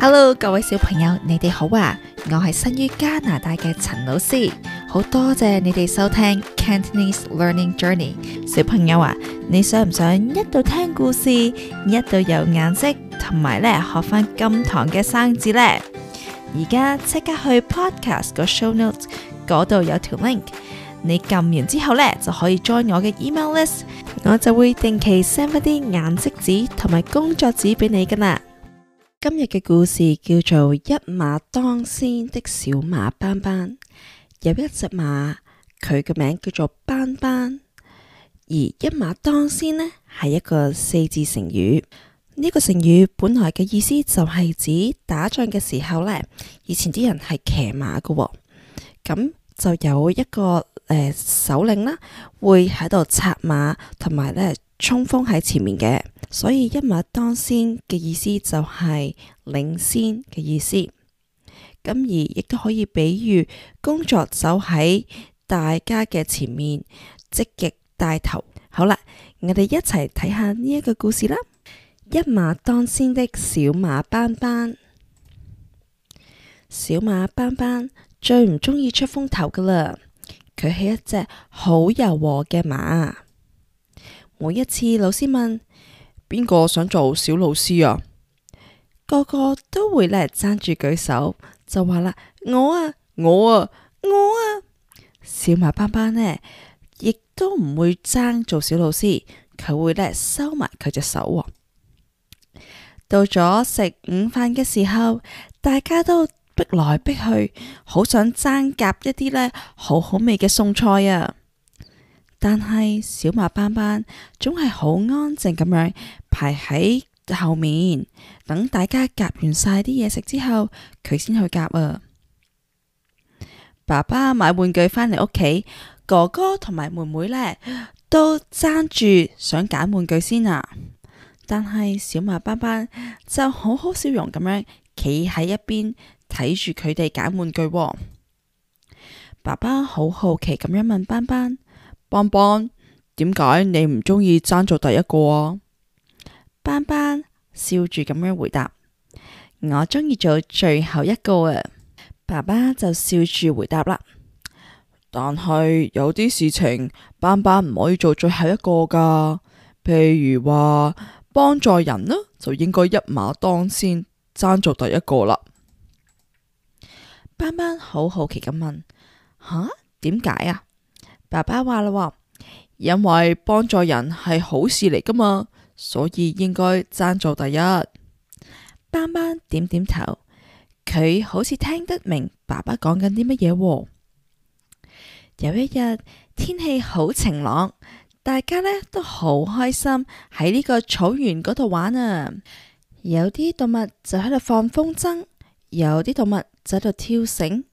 Hello，各位小朋友，你哋好啊！我係生於加拿大嘅陳老師，好多謝你哋收聽 Cantonese Learning Journey。小朋友啊，你想唔想一度聽故事，一度有顏色，同埋咧學翻今堂嘅生字呢？而家即刻去 Podcast 個 Show Notes 嗰度有條 link，你撳完之後咧就可以 join 我嘅 email list，我就會定期 send 一啲顏色紙同埋工作紙俾你噶啦。今日嘅故事叫做一馬當先的小馬班班。有一隻馬，佢嘅名叫做班班。而一馬當先呢係一個四字成語。呢、這個成語本來嘅意思就係指打仗嘅時候呢，以前啲人係騎馬噶，哦，咁就有一個誒、呃、首領啦，會喺度策馬同埋呢。衝鋒喺前面嘅，所以一馬當先嘅意思就係領先嘅意思。咁而亦都可以比喻工作走喺大家嘅前面，積極帶頭。好啦，我哋一齊睇下呢一個故事啦。一馬當先的小馬班班，小馬班班最唔鍾意出風頭噶啦，佢係一隻好柔和嘅馬。每一次老師問邊個想做小老師啊，個個都會呢爭住舉手，就話啦我啊我啊我啊。小馬斑斑呢，亦都唔會爭做小老師，佢會呢收埋佢隻手啊。到咗食午飯嘅時候，大家都逼來逼去，好想爭夾一啲呢好好味嘅餸菜啊！但係小馬班班總係好安靜咁樣排喺後面等大家夾完晒啲嘢食之後佢先去夾啊。爸爸買玩具返嚟屋企，哥哥同埋妹妹呢都爭住想揀玩具先啊。但係小馬班班就好好笑容咁樣企喺一邊睇住佢哋揀玩具喎。爸爸好好奇咁樣問班班。班班，點解你唔鍾意爭做第一個啊？班班笑住咁樣回答：我鍾意做最後一個啊。爸爸就笑住回答啦。但係有啲事情，班班唔可以做最後一個噶。譬如話幫助人呢，就應該一馬當先爭做第一個啦。班班好好奇咁問：吓，點解啊？爸爸話嘞，因為幫助人係好事嚟噶嘛，所以應該爭做第一。斑斑點點頭，佢好似聽得明爸爸講緊啲乜嘢。有一日天氣好晴朗，大家呢都好開心喺呢個草原嗰度玩啊。有啲動物就喺度放風箏，有啲動物就喺度跳繩，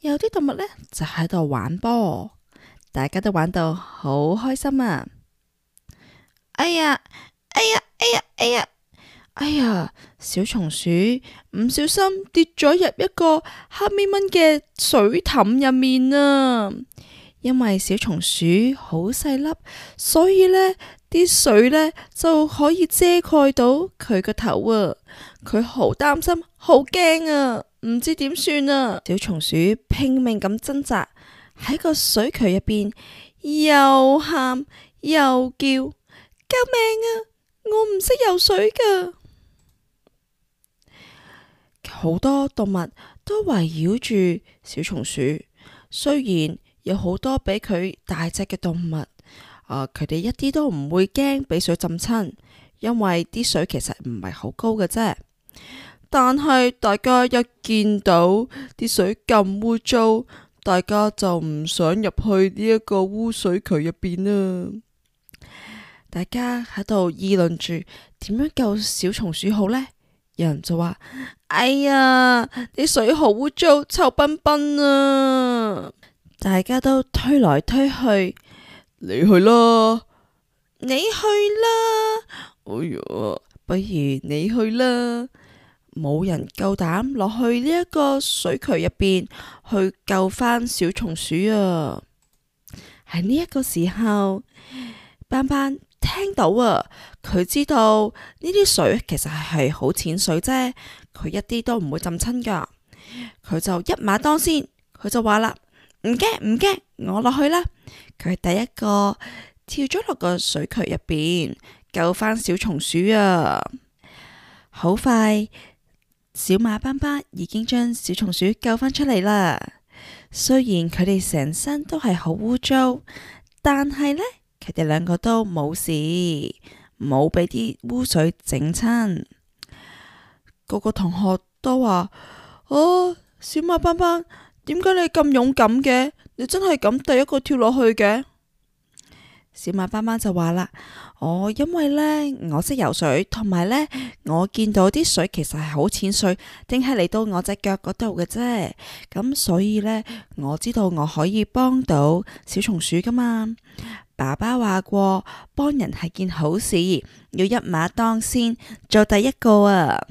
有啲動物呢就喺度玩波。大家都玩到好開心啊！哎呀，哎呀，哎呀，哎呀，哎呀，哎呀，小松鼠唔小心跌咗入一個黑咪咪嘅水凼入面啊！因為小松鼠好細粒，所以呢啲水呢就可以遮蓋到佢個頭啊！佢好擔心，好驚啊，唔知點算啊！小松鼠拼命咁掙扎。喺個水渠入邊，又喊又叫救命啊！我唔識游水噶。好多動物都圍繞住小松鼠。雖然有好多比佢大隻嘅動物，啊、呃，佢哋一啲都唔會驚俾水浸親，因為啲水其實唔係好高嘅啫。但係大家一見到啲水咁污糟。大家就唔想入去呢一個污水渠入邊啦，大家喺度議論住點樣救小松鼠好呢？有人就話：哎呀，啲水好污糟，臭崩崩啊！大家都推來推去，你去啦，你去啦，哎呀，不如你去啦。冇人夠膽落去呢一個水渠入邊去救翻小松鼠啊！喺呢一個時候，斑斑聽到啊，佢知道呢啲水其實係好淺水啫，佢一啲都唔會浸親噶。佢就一馬當先，佢就話啦：唔驚唔驚，我落去啦！佢係第一個跳咗落個水渠入邊救翻小松鼠啊！好快。小馬斑斑已經將小松鼠救返出嚟啦。雖然佢哋成身都係好污糟，但係呢，佢哋兩個都冇事，冇俾啲污水整親。個個同學都話：哦，小馬斑斑，點解你咁勇敢嘅？你真係咁第一個跳落去嘅？小馬媽媽就話啦：哦，因為呢，我識游水，同埋呢，我見到啲水其實係好淺水，定係嚟到我隻腳嗰度嘅啫。咁、嗯、所以呢，我知道我可以幫到小松鼠噶嘛。爸爸話過，幫人係件好事，要一馬當先，做第一個啊。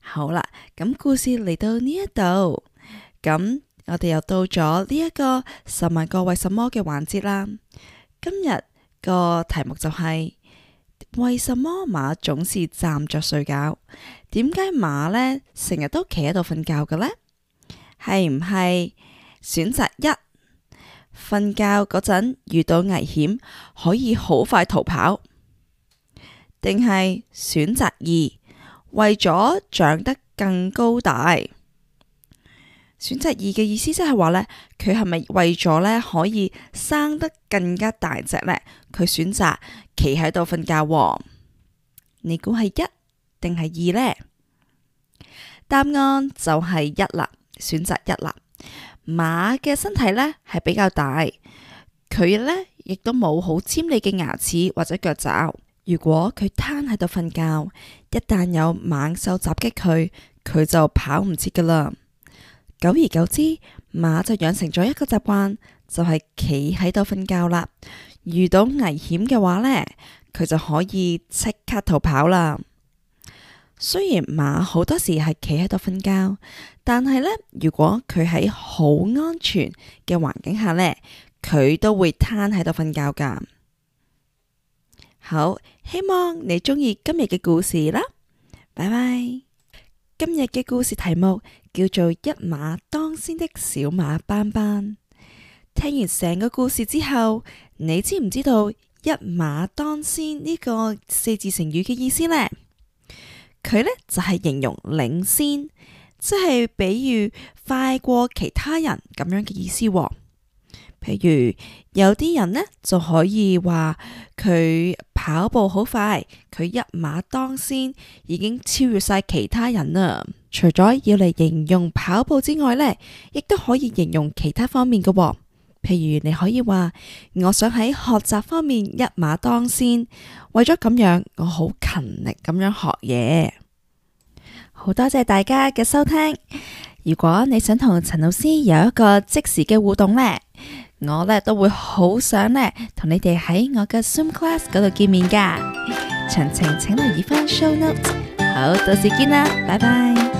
好啦，咁、嗯、故事嚟到呢一度，咁、嗯。我哋又到咗呢一個十萬個為什麼嘅環節啦。今日個題目就係、是，為什麼馬總是站着睡覺？點解馬呢成日都企喺度瞓覺嘅呢？係唔係選擇一，瞓覺嗰陣遇到危險可以好快逃跑，定係選擇二為咗長得更高大？選擇二嘅意思即係話呢，佢係咪為咗呢可以生得更加大隻呢？佢選擇企喺度瞓覺，你估係一定係二呢？答案就係一啦，選擇一啦。馬嘅身體呢係比較大，佢呢亦都冇好尖利嘅牙齒或者腳爪。如果佢攤喺度瞓覺，一旦有猛獸襲擊佢，佢就跑唔切噶啦。久而久之，馬就養成咗一個習慣，就係企喺度瞓覺啦。遇到危險嘅話呢，佢就可以即刻逃跑啦。雖然馬好多時係企喺度瞓覺，但係呢，如果佢喺好安全嘅環境下呢，佢都會攤喺度瞓覺噶。好，希望你鍾意今日嘅故事啦，拜拜。今日嘅故事題目叫做一馬當先的小馬班班。聽完成個故事之後，你知唔知道一馬當先呢個四字成語嘅意思呢？佢呢就係、是、形容領先，即係比喻快過其他人咁樣嘅意思、哦。譬如有啲人呢，就可以話佢跑步好快，佢一馬當先，已經超越晒其他人啦。除咗要嚟形容跑步之外呢，亦都可以形容其他方面嘅。哦，譬如你可以話，我想喺學習方面一馬當先，為咗咁樣，我好勤力咁樣學嘢。好，多謝大家嘅收聽。如果你想同陳老師有一個即時嘅互動呢，我呢都會好想呢同你哋喺我嘅 Zoom class 嗰度見面㗎，詳情請留意返 show notes。好，到時見啦，拜拜。